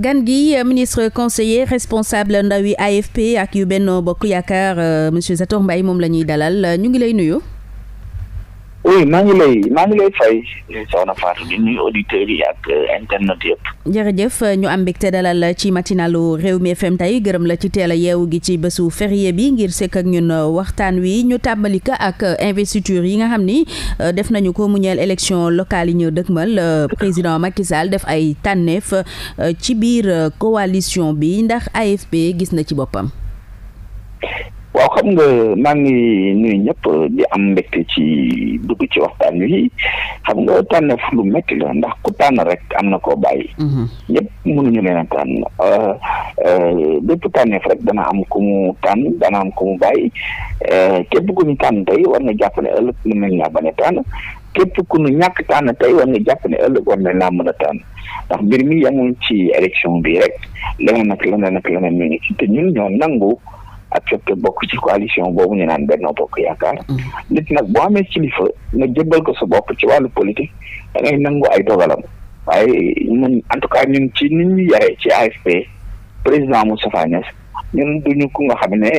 gan gi ministre conseiller responsable ndawi AFP ak yu benn Bokk Yaakaar euh, monsieur Zator Mbaye moom la ñuy dalal ñu ngi lay nuyu oui maa ngi lay maa ngi lay fay soxna Fatou di nuyu auditeurs yi ak euh, internet yëpp. jërëjëf ñu am mbégte dalal ci matinalu Rewmi FM tey gërëm la ci teel a yeewu gi ci bésu férié bi ngir sekk ak ñun euh, waxtaan wi ñu tàmbali ko ak euh, investiture yi nga xam ni def nañu ko mu ñeel élection locale yi ñu dëgmal président Macky Sall def ay tànneef ci biir coalition bi ndax AFP gis na ci boppam. waaw xam nga maa ngi nuyu ñëpp di am mbégte ci dugg ci waxtaan wi xam nga tànneef lu métti la ndax ku tànn rek am na koo bàyyi. Mhm. ñëpp mënuñu leen a tànn euh, euh, tànneef rek dana am ku mu tànn dana am ku mu bàyyi euh, képp ku ñu tànn tey war nga jàpp ne ëllëg mën nañ laa képp ku ñu ñàkk tànn tey war nga jàpp ne ëllëg war nañ laa mën a tànn. ndax mbir mi yamul ci élection bi rek leneen ak leneen ak leneen mi ngi ci te ñun ñoo nangu. accepté bokk ci coalition boobu ñu naan Benno Bokk Yaakaar mm. nit nag boo amee kilifa nga jëbbal ko su bopp ci wàllu politique da ngay nangu ay dogalam waaye ñun en tout cas ñun ci nit ñu yaree ci AFP président Moustapha Niass ñun duñu ku nga xam ne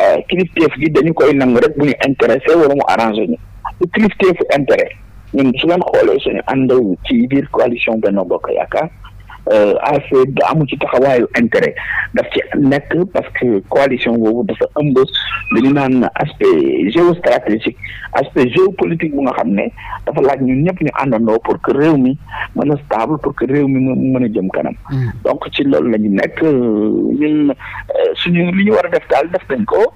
euh, kilifteef gi dañu koy nangu rek bu ñu intéressé wala mu arrangé ñu su kilifteefu intérêt ñun su ngeen xoolee suñu àndaw ci biir coalition Benno Bokk Yaakaar Euh, AFC da amu ci taxawaayu intérêt daf ci nekk parce que coalition boobu dafa ëmb li ñu naan aspect géostratégique aspect géopolitique bu nga xam ne dafa laaj ñu ñëpp ñu àndandoo pour que réew mi mën a stable pour que réew mi mën a jëm kanam. Hmm. donc ci loolu la ñu nekk euh, ñun euh, ñu li ñu war a def daal def nañ ko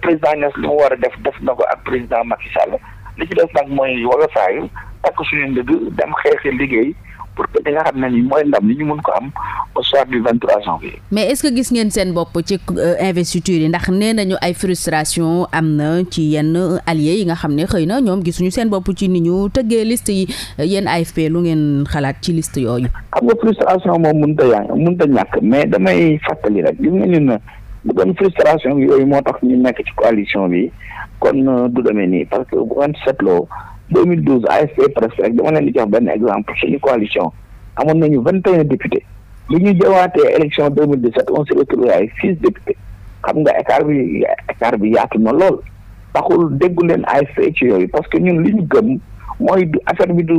président Niass li mu war a def def na ko ak président Macky Sall li ci def nag mooy wala saa yu takk suñu ndëgg dem xeexi liggéey. pour que li nga xam ne nii mooy ndam li ñu mun ko am au soir du 23 janvier. mais est-ce que gis ngeen seen bopp ci euh, investiture yi ndax nee nañu ay frustration am na ci yenn alliés yi nga xam ne xëy na ñoom gisuñu seen bopp ci ni ñu tëggee liste yi euh, yéen AFP lu ngeen xalaat ci liste yooyu. xam nga frustration moom mun a yaa mënut a ñàkk mais damay fàttali rek gis nga ni na bu doon frustration yooyu moo tax ñu nekk ci coalition bi kon euh, du demee nii parce que bu 2012 AFP presque rek dama leen di jox benn exemple suñu coalition amoon nañu vingt et un députés lu ñu jëwaatee élection 2017 on s'est retrouvé ay six députés xam nga écart bi écart bi yaatu na lool taxul déggu leen AFP ci yooyu parce que ñun li ñu gëm mooy du affaire bi du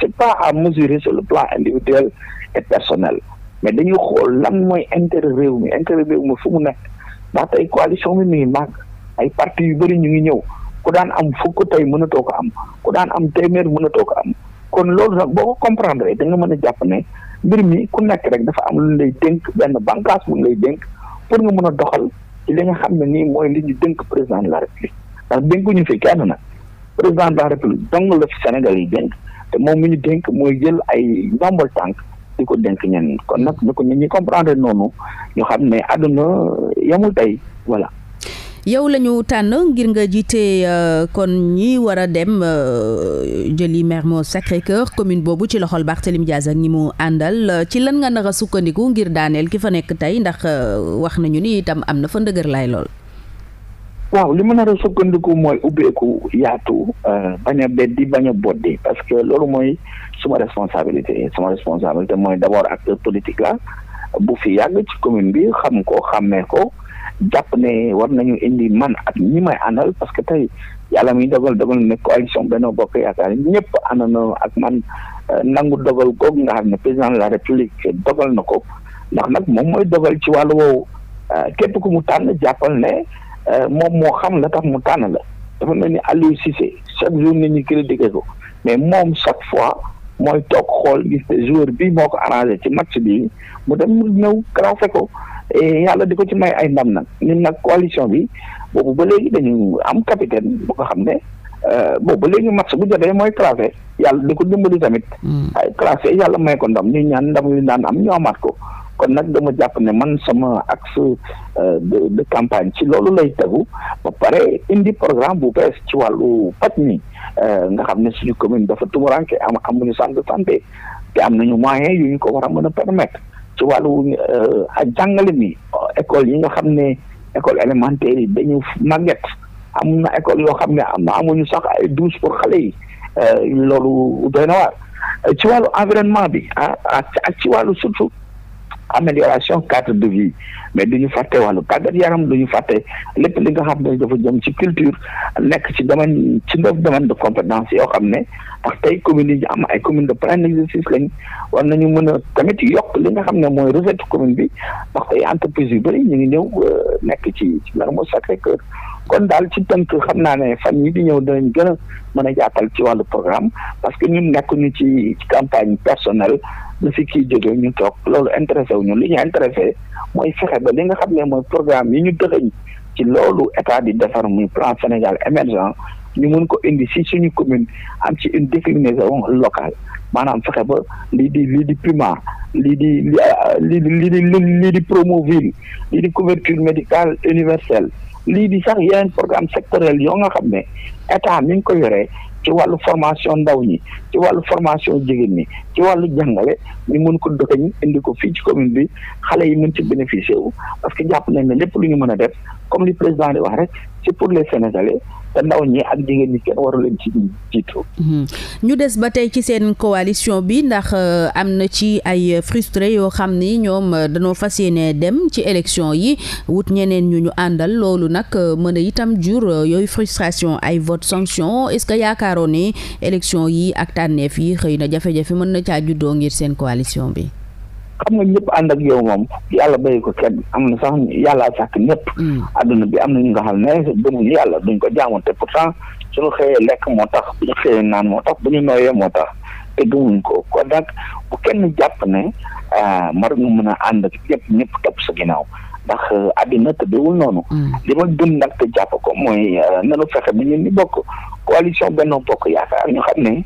c'est pas à mesurer sur le plan individuel et personnel mais dañu xool lan mooy intérêt réew mi intérêt réew mi fu mu nekk ndax tey coalition bi mi ngi màgg ay parti yu bëri ñu ngi ñëw ku daan am foog fukk tey mënatoo ko am ku daan am téeméer mënatoo ko am kon loolu nag boo ko comprendre da nga mën a jàpp ne mbir mi ku nekk rek dafa am lu lay dénk benn bànqaas bu lay dénk pour nga mën a doxal ci li nga xam ne nii mooy li ñu dénk président de la république ndax dénkuñu fi kenn nag président de dong la fi Sénégal yi dénk te moom mi ñu dénk mooy jël ay ndombal tànk di ko dénk ñenn kon nag ñu ko ñi comprendre noonu ñu xam ne àdduna yamul tey voilà. yow la ñu tànn ngir nga jiite euh, kon ñi war a dem euh, jëli moo Sacré-Cœur commune boobu ci loxol baax Dias ak ñi mu àndal euh, ci lan nga nar a sukkandiku ngir daaneel ki fa nekk tey ndax wax nañu ni itam am na fa ndëgër laay lool. waaw li ma nar a sukkandiku mooy ubbeeku yaatu bañ a beddi bañ a boddi parce que loolu mooy suma responsabilité suma responsabilité mooy d'abord acteur politique la bu fi yàgg ci commune bi xam ko xàmmee ko. jàpp ne war nañu indi man ak ñi may àndal parce que tey yàlla muy dogal dogal ne coalition Benno Bokk Yaakaar ñëpp àndandoo ak man euh, nangu dogal googu nga xam ne président de la république dogal na ko ndax nag moom mooy dogal ci wàllu woowu euh, képp ko mu tànn jàppal ne euh, moom moo xam la tax mu tànn la dafa mel ni Aliou Cissé chaque jour nit ñi critiqué ko mais moom chaque fois. mooy toog xool gis ne joueur bi moo ko arrangé ci match bi mu dem mu ñëw classé ko yàlla di ko ci may ay ndam nag ñun nag coalition bi boobu ba léegi dañu am capitaine bu ko xam ne euh, boobu ba léegi match bu jotee mooy classé yàlla di ko dimbali tamit. Hmm. ay classé yàlla may ko ndam ñuy ñaan ndam yu daan am ñu amaat ko kon nag dama jàpp ne man sama axe euh, de campagne ci loolu lay tegu ba pare indi programme bu bees ci wàllu paj mi. Euh, nga xam ne suñu commune dafa tumuranke am am centre de santé te am nañu moyens yu ñu ko war a mën a permettre ci wàllu euh, a jàngale mi école yi nga xam ne école élémentaire yi dañu màgget am na école yoo xam ne am na amuñu sax ay douche pour xale yi euh, loolu doy na waar ci wàllu environnement bi ah ci wàllu surtout amélioration cadre de vie mais du ñu fàtte wàllu tàggat yaram du ñu fàtte lépp li nga xam ne dafa jëm ci culture nekk ci domaine ci ndof domaine de compétence yoo xam ne ndax tey commune yi am ay commune de plein exercice lañ war nañu mën a tamit yokk li nga xam ne mooy recette commune bi ndax tey entreprise yu bëri ñu ngi ñëw euh, nekk ci ci Mermoz Sacré-Cœur kon daal ci tënk xam naa ne fan yi di ñëw danañ gën a mën a jàppal ci wàllu programme parce que ñun nekkuñu ci campagne personnelle na fi kii jógee ñu toog loolu intéressé wu ñu li ñu mooy fexe ba li nga xam ne mooy programme yi ñu dëxëñ ci loolu état di defar muy plan Sénégal émergent ñu mun ko indi si suñu commune am ci une déclinaison locale maanaam fexe ba li di lii di Puma lii di lii di lii di Promoville lii di couverture médical universelle lii di sax yeneen programme sectoriel yoo nga xam ne état mi ngi ko yoree ci wàllu formation ndaw ñi ci wàllu formation jigéen ñi ci wàllu jàngale ñu mën ko doxeñ indi ko fii ci commune bi xale yi mën ci bénéficier wu parce que jàpp nañ ne lépp lu ñu mën a def comme li président di wax rek c'est pour les Sénégalais te ndaw ñi ak jigéen ñi kenn waru ci jiitu. Hmm. ñu des ba tey ci seen coalition bi ndax euh, am na ci ay frustré yoo xam ni ñoom euh, dañoo fas yéene dem ci élection yi wut ñeneen ñu ñu àndal loolu nag euh, mën a itam jur yooyu frustration ay vote sanction est-ce que yaakaaroon ni élection yi ak tànneef yi xëy na jafe-jafe mën na caa juddoo ngir seen coalition bi. am na ñëpp ànd ak yow moom yàlla béy ko kenn am na sax yàlla sàkk ñëpp. Hmm. adduna bi am na ñu nga xam ne gëmuñu yàlla duñ ko jaamu te pourtant suñu xëyee lekk moo tax bu ñu xëyee naan moo tax bu ñu nooyee moo tax te gëmuñ ko kon nag bu kenn jàpp ne mar euh, nga mën a ànd ak ñëpp ñëpp topp sa dax ndax euh, àddina tëddeewul noonu. Hmm. li ma gën nag te jàpp ko mooy euh, nanu fexe bi ñun ñu bokk coalition Benno Bokk Yaakaar ñu xam ne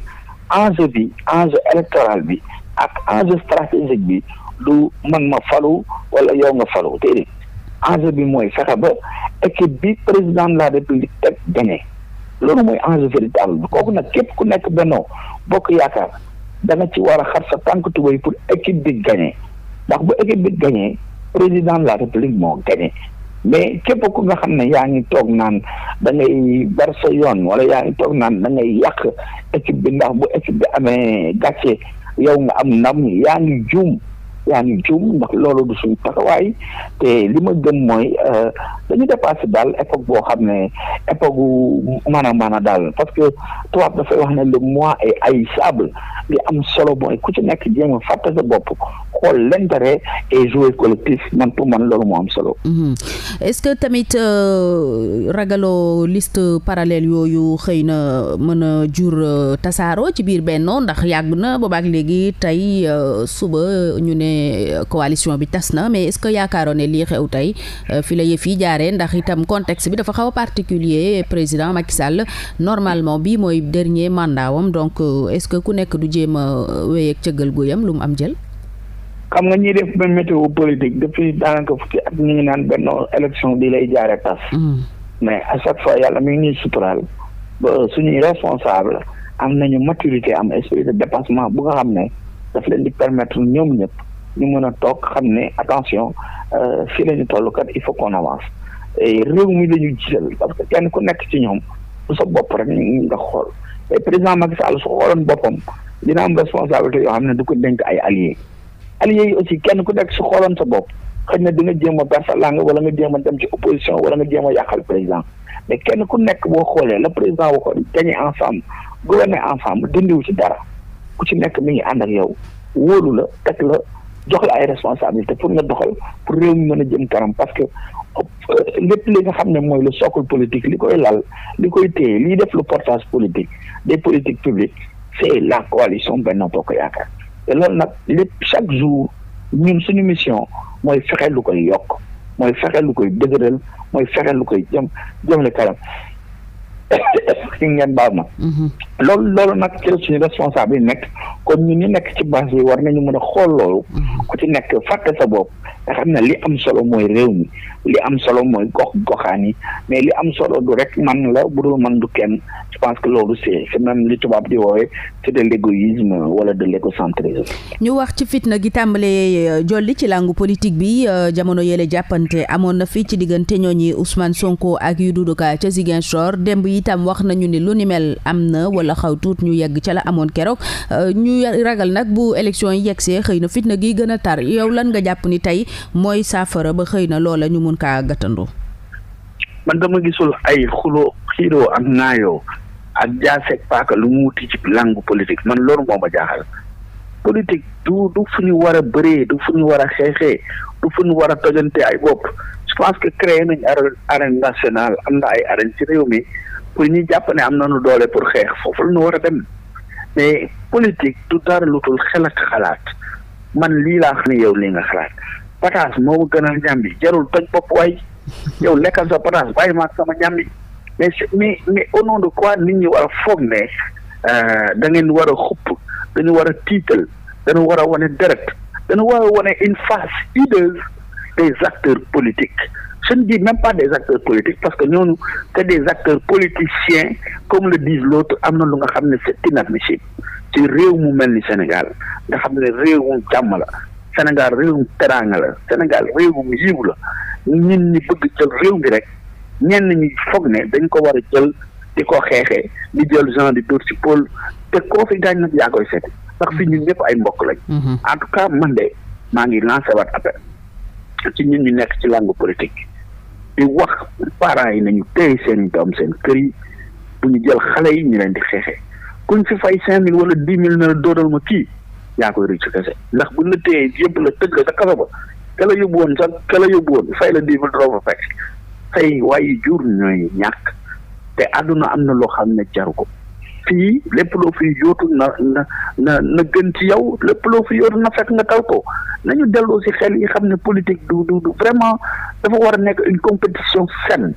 enjeu bi enjeu électoral bi ak enjeu stratégique bi. du man ma falu wala yow nga falu déedéet enjeu bi mooy fexe ba équipe bi président de la république de gagné loolu mooy enjeu véritable bi kooku nag képp ku nekk benno bokk yaakaar da ci war a xar sa tànk tubéy pour équipe bi gagné ndax bu équipe bi gagné président de la république moo gagné mais képp ku nga xam ne yaa ngi toog naan da ngay bar sa yoon wala yaa ngi toog naan dangay yàq équipe bi ndax bu équipe bi amee gàcce yow nga am ndam yaa ngi juum yaa ngi juum ndax loolu du suñu taxawaay te li ma gëm mooy euh, dañu dépassé daal époque boo xam ne époque gu maanaam maanaam daal parce que tubaab dafay wax ne le moi est haïssable li am solo mooy ku ci nekk jéem a fàtte sa bopp xool l'intérêt et jouer collectif man pour man loolu moo am solo. Mm-hmm. est-ce que tamit euh, ragaloo liste parallèle yooyu xëy na mën a jur euh, tasaaroo ci biir benn ndax yàgg boobaak léegi tey suba ñu ne. ne coalition bi tas na mais est-ce que yaakaaroon ne lii xew tey euh, fi la yëf yi jaaree ndax itam contexte bi dafa xaw a particulier président Macky normalement bii mooy dernier mandat wam donc euh, est-ce que ku nekk du jéem a euh, wéy ak cëggal guyam lu mu am jël. xam nga ñiy def météo politique depuis daanaka fukki at ñu ngi naan benn élection bi lay jaaree tas. Hmm. mais à chaque fois yàlla mi ngi ñuy suturaal ba suñuy responsable am nañu maturité am esprit dépassement bu ñu mën a toog xam ne attention euh, fii la ñu toll kat il faut qu'on avance et réew mi la ñu jiital parce que kenn ku nekk ci ñoom bu sa bopp rek nga xool et président Macky Sall su xooloon boppam dina am responsabilité yoo xam ne du ko dénk ay alliés alliés yi aussi kenn ku nekk su xooloon sa bopp xëy na dina jéem a bersalang wala nga jéem a dem ci opposition wala nga jéem a yàqal président mais kenn ku nekk boo xoolee la président waxoon gagner ensemble gouverner ensemble dindiwu ci dara ku ci nekk mi ngi ànd ak yow jox la ay responsabilité pour nga doxal pour réew mi mën a jëm kanam parce que euh, lépp li nga xam ne mooy le socle politique li koy lal li koy téye liy def le portage politique des politiques publiques c'est la coalition Benno Bokk Yaakaar te loolu nag lépp chaque jour ñun suñu mission mooy fexe lu koy yokk mooy fexe lu koy dëgëral mooy fexe lu koy jëm jëm le kanam si ngeen baal ma. Mhm. loolu loolu nag ci la suñu responsable yi nekk kon ñun ñu nekk ci base yi war nañu mën a xool loolu. Mhm. ku ci nekk fàtte sa bopp nga xam ne li am solo mooy réew mi li am solo mooy gox goxaan yi mais li am solo du rek man la budul man du kenn je pense que loolu c'est c'est même li tubaab di woowee c'est de l'égoïsme wala de l'égocentrisme ñu wax ci fitna gi tàmbalee euh, jolli ci làngu politique bi euh, jamono yële jàppante amoon na fii ci diggante ñooñi Ousmane Sonko ak Doudou Ka ca Ziguinchor démb itam wax nañu ni lu ni mel am na wala xaw tuut ñu yegg ca la amoon keroog euh, ñu ragal nag bu élection yi see xëy na fitna gi gën a tar yow lan nga jàpp ni tey mooy saafara ba xëy na loola ñu mun kaa gàttandu man dama ak jaaseeg paaka lu mu wuti ci langue man loolu moo a jaaxal politique du du fu ñu war a bëree du fu ñu war a xeexee du fu ñu war a tojante ay bopp je pense que créé nañ arène nationale am na ay arène ci réew mi pour ñu jàpp ne am na nañu doole pour xeex foofu la ñu war a dem mais politique du dara lutul xel ak xalaat man lii laa xam ne yow lii nga xalaat pataas moo ma gënal ñam bi jarul toj bopp waay yow lekkal sa pataas bàyyi ma sama ñam mais mais mais au nom de quoi nit ñi war foog ne euh, da ngeen war a xupp dañu war a tiital dañu war a wane deret dañu war a wane une face hideuse des acteurs politiques je ne dis même pas des acteurs politiques parce que ñooñu c'est des acteurs politiciens comme le disent l'autre am na lu nga xam ne c'est inadmissible ci réew mu mel ni Sénégal nga xam ne mu jàmm la Sénégal réewum teraanga la Sénégal réewum yiw la ñun ñi bëgg jël réew mi rek ñenn ñi foog ne dañ ko war a jël di ko xeexee di jël genre di dóor si pôle te koo fi gaañ nag yaa koy seet ndax fi ñun ay mbokk lañ. Mhm. en man de maa ngi lancé waat appel ci ñu nekk ci langue politique di wax parents yi nañu téye seen doom seen kër yi bu ñu jël xale yi ñu leen di xeexee kuñ fi fay cinq mille wala dix mille na dóoral ma kii yaa koy rëcc kese ndax bu la téyee yëpp la tëgg sa kaso ba ka la yóbbu woon sax ka la yóbbu woon fay la di mille doo fa fekk. say waay jur ñooy ñàkk te àdduna am na loo xam ne jaru ko fii lépp loo fi yóotu na na na na gën ci yow lépp loo fi yóotu na fekk nga taw ko nañu delloo si xel yi xam ne politique du du du vraiment dafa war a nekk une compétition saine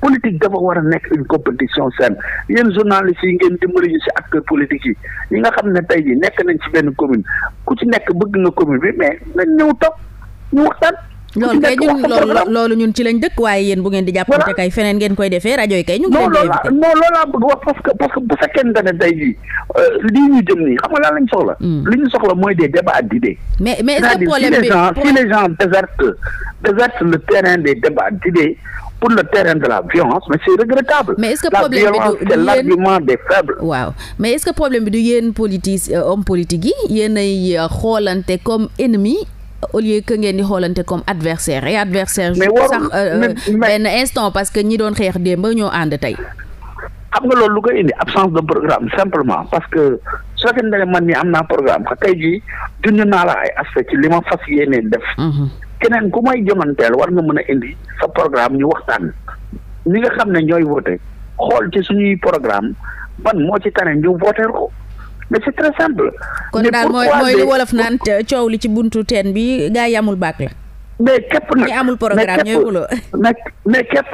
politique dafa war a nekk une compétition saine yéen journalistes yi ngeen dimbali ñu si acteurs politiques yi ñi nga xam ne tey jii nekk nañ ci benn commune ku ci nekk bëgg nga commune bi mais nañ ñëw toog ñu waxtaan. loolu kay ñun ñun ci lañ dëkk waaye yéen bu ngeen di jàppante kay feneen ngeen koy defee rajo yi kay ñu ngi leen di invité non loolu laa bëgg wax parce que parce que bu fekkente ne tey jii euh, lii ñu jëm nii xam nga lan lañ soxla hmm. li ñu soxla mooy des débats d'idées mais mais le terrain des débats d'idées pour le mais c'est mais est-ce problème bi du c'est l'argument des faibles. waaw mais est euh, euh, xoolante comme ennemi. au lieu que ngeen di xoolante comme adversaire et adversaire sax euh, benn instant parce que ñi doon xeex démb ñoo ànd tey xam nga loolu lu indi absence de programme simplement parce que su fekkee ne man mii am naa programme xa tey jii junj naa la ay aspect ci li ma fas yéenee def mhm. keneen ku may jonganteel war nga mën a indi sa programme ñu waxtaan ñi nga xam ne ñooy voté xool ci suñuy programme ban moo ci tane ñu voté ko mais c'est très simple. kon daal mooy mooy lu wolof naan coow li ci buntu teen bi gaa yi amul baak la. mais képp nag ñi amul programme ñooy xuloo mais mais képp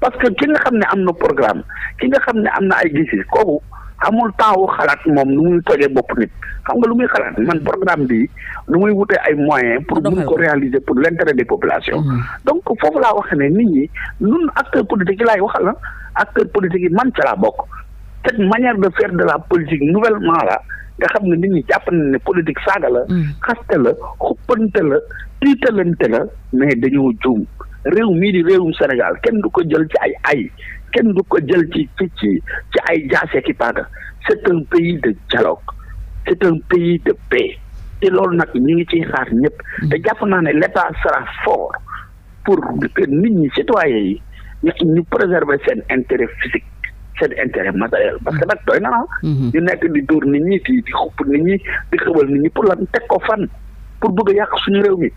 parce que ki nga xam ne am na programme ki nga xam ne am na ay gis kooku amul temps xalaat moom nu muy tojee bopp nit xam nga lu muy xalaat man programme bi nu muy wutee ay moyens pour mun ko réaliser pour l'intérêt des population mm. donc foofu laa wax ne nit ñi nun acteurs politiques yi laay waxal la ah, acteurs politiques yi man ca laa bokk cette manière de faire de la politique nouvellement la nga xam ne nit ñi jàpp na ne politique saaga la mm. xaste la xuppante la tiitalante la mais dañoo juum réew mii di réewum Sénégal kenn du ko jël ci ay ay kenn du ko jël ci ci ci ay jaase ki paaga c'est un pays de dialogue c'est pays de paix te loolu nag ñu ngi ciy xaar ñëpp mm. te jàpp naa ne l'État sera fort pour nit ñi citoyens yi ñu préserver seen intérêt physique seen intérêt matériel parce que nag doy na ah. Mhm. ñu nekk di dóor ni ñi di di xupp nit ñi di xëbal nit ñi pour lan teg ko fan pour bëgg a yàq suñu réew mi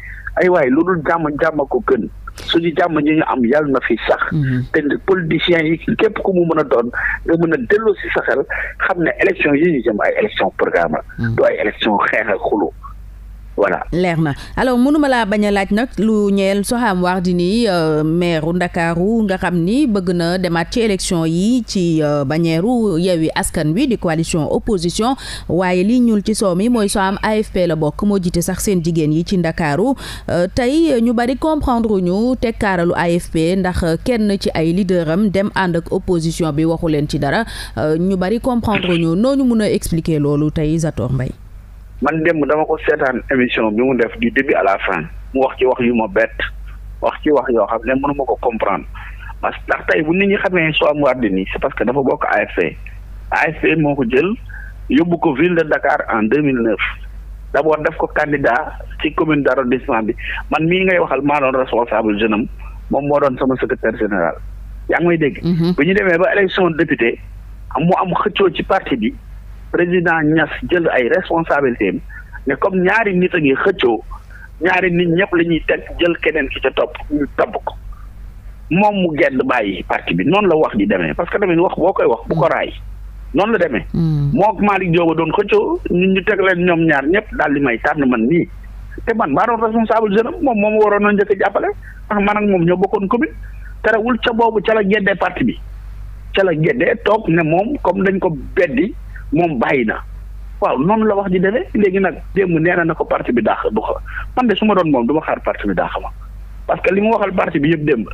ay waay loolu jàmm jàmm ko gën suñu jàmm ñi ñu am yàlla na fi sax. Mhm. te politiciens yi képp ku mu mën a doon nga mën a delloo si sa xel xam ne élection yi ñu jëm ay élection programme mhm. du ay élection xeex ak voilà leer na alors mënuma laa bañ a laaj nag lu ñeel Soham Wardini euh, maire Ndakaaru nga xam ni bëgg na demaat ci élection yi ci euh, bañeeru Yewwi Askan Wi di coalition opposition waaye li ñuul ci soow mi mooy Soham AFP la bokk moo jiite sax seen jigéen yi ci Ndakaaru euh, tey ñu bari comprendre ñu tekkaaralu AFP ndax kenn ci ay leader dem ànd ak opposition bi waxu leen ci dara ñu bari comprendre ñu noo ñu mën a expliquer loolu tey Zator mbay man démb dama ko seetaan émission bi mu def du début à la fin mu wax ci wax yu ma bett wax ci wax yoo xam ne mënu ma ko comprendre parce que ndax tey bu nit ñi xamee Soham Wardini c'est parce que dafa bokk AFP AFP moo ko jël yóbbu ko ville de Dakar en 2009 d'abord def ko candidat ci commune d'arrondissement bi man mii ngay waxal maa doon responsable jeune am moom moo doon sama secretaire général yaa ngi may dégg. Mhm. bu ñu demee ba élection député mu am xëccoo ci parti bi. président Niass jël ay responsabilités ne comme ñaari nit a ngi xëccoo ñaari nit ñëpp la ñuy teg jël keneen ki ca topp ñu topp ko moom mu gedd bàyyi parti bi noonu la wax di demee parce que tamit wax boo koy wax bu ko mm. raay noonu la demee. Mm. moo Malick Diop doon xëccoo ñun ñu teg leen ñoom ñaar ñëpp daal di may tànn man nii te man maa doon responsable jeune moom moom waroon na njëkk jàppale ndax man moom ñoo bokkoon commune terewul ca boobu ca la geddee parti bi ca la geddee toog ne moom comme dañ ko beddi moom bàyyi na waaw noonu la wax di demee léegi nag démb nee na na ko parti bi dàq du ko man de su ma doon moom du ma xaar parti bi dàq ma parce que li mu waxal parti bi yëpp démb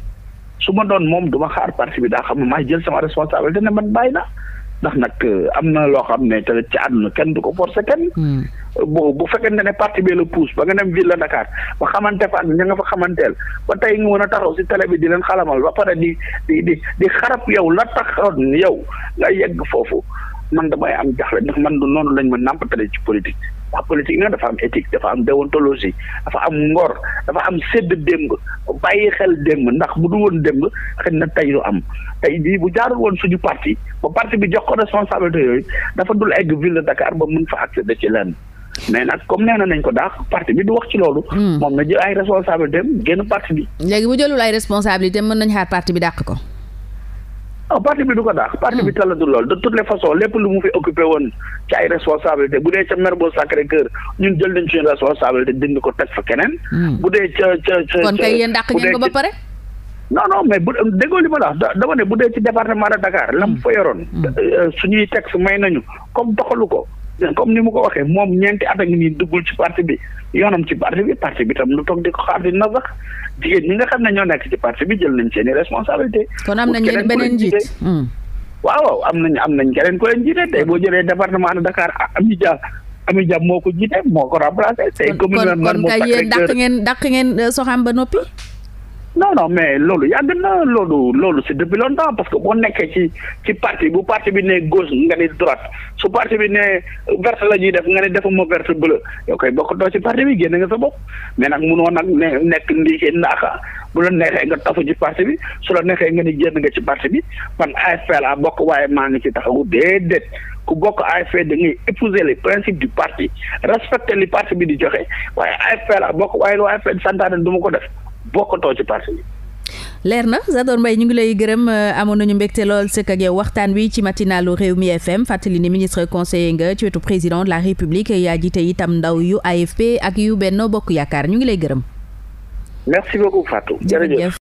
su ma doon moom du ma xaar parti bi dàq ma maa jël sama responsabilité ne man bàyyi na ndax nag euh, am na loo xam ne tamit ci àdduna kenn du ko forcer kenn. Hmm. bu bu fekkente ne parti bee la pousse ba nga dem ville la Dakar ba xamante fa ak ña nga fa xamanteel ba tey nga mën a taxaw si télé bi di leen xalamal ba pare di di di di xarab yow la taxoon yow nga yegg foofu man damay am jaxle ndax man du noonu lañ ma nàmpatale ci politique ndax politique nag dafa am éthique dafa am déontologie dafa am ngor dafa am sedd démb bàyyi xel démb ndax bu du woon démb xëy na tey du am tey bii bu jaarul woon suñu parti ba parti bi jox ko responsabilité yooyu dafa dul egg ville de Dakar ba mën fa accéder ci lenn. mais nag comme nee nañ ko daax parti bi du wax ci loolu. Hmm. moom na jël ay responsabilité am génn parti bi. léegi bu jëlul ay responsabilité mën nañ xaar parti bi dàq ko. ah parti bi du ko daax parti bi hmm. talatu lool de toutes les façons lépp lu mu fi occupé woon ci ay responsabilité bu dee ca Mermoz Sacré-Cœur ñun jël nañ suñu responsabilité dindi ko teg fa keneen. Hmm. bu dee ca ca ca kon kay yéen dàq ngeen ko ba pare. non non mais bu déggoo li ma la wax dama ne bu dee ci département de Dakar. lam hmm. fa yoroon. Euh, suñuy texte may nañu comme doxalu ko. comme ni mu ko waxee moom ñeenti at a ngi nii duggul ci parti bi yoonam ci parti bi tam lu toog di ko xaar di nasax jigéen ñi nga xam ne ñoo nekk ci parti bi jël nañ seen responsabilité kon am nañ leen beneen njiit hmm. waaw am nañ am keneen ko leen jiite boo jëlee département de Dakar ah, Ami Dia Ami Dia moo ko jiite moo ko remplacé tey commune kon kay yéen dàq ngeen dàq ngeen euh, soxam ba noppi non non mais loolu yàgg na loolu loolu c'est depuis longtemps parce que boo nekkee ci ci parti bu parti bi ne gauche nga ni droite su parti bi ne verte la ñuy def nga ne defuma verte bleu yoo koy bokkatoo ci parti bi génn nga sa bopp mais nag munoo nag ne nekk ndiiki ndaaka bu la neexee nga tafu ci parti bi su la neexee nga ni génn nga ci parti bi man AFP laa bokk waaye maa ngi ci taxawu déedéet ku bokk AFP da ngay épouser les principes du parti respecter li parti bi di joxe waaye AFP laa bokk waaye lu santaane du ma ko def bokkatoo ci parti bi. leer na Zador Mbaye ñu ngi lay gërëm euh, amoon nañu mbégte lool sëkk ak yow waxtaan wi ci matinalu Rewmi FM fàttali ni ministre conseiller nga ci wetu président de la république yaa jiite itam ndaw yu AFP ak yu benn Bokk Yaakaar ñu ngi lay gërëm. merci beaucoup Fatou jërëjëf.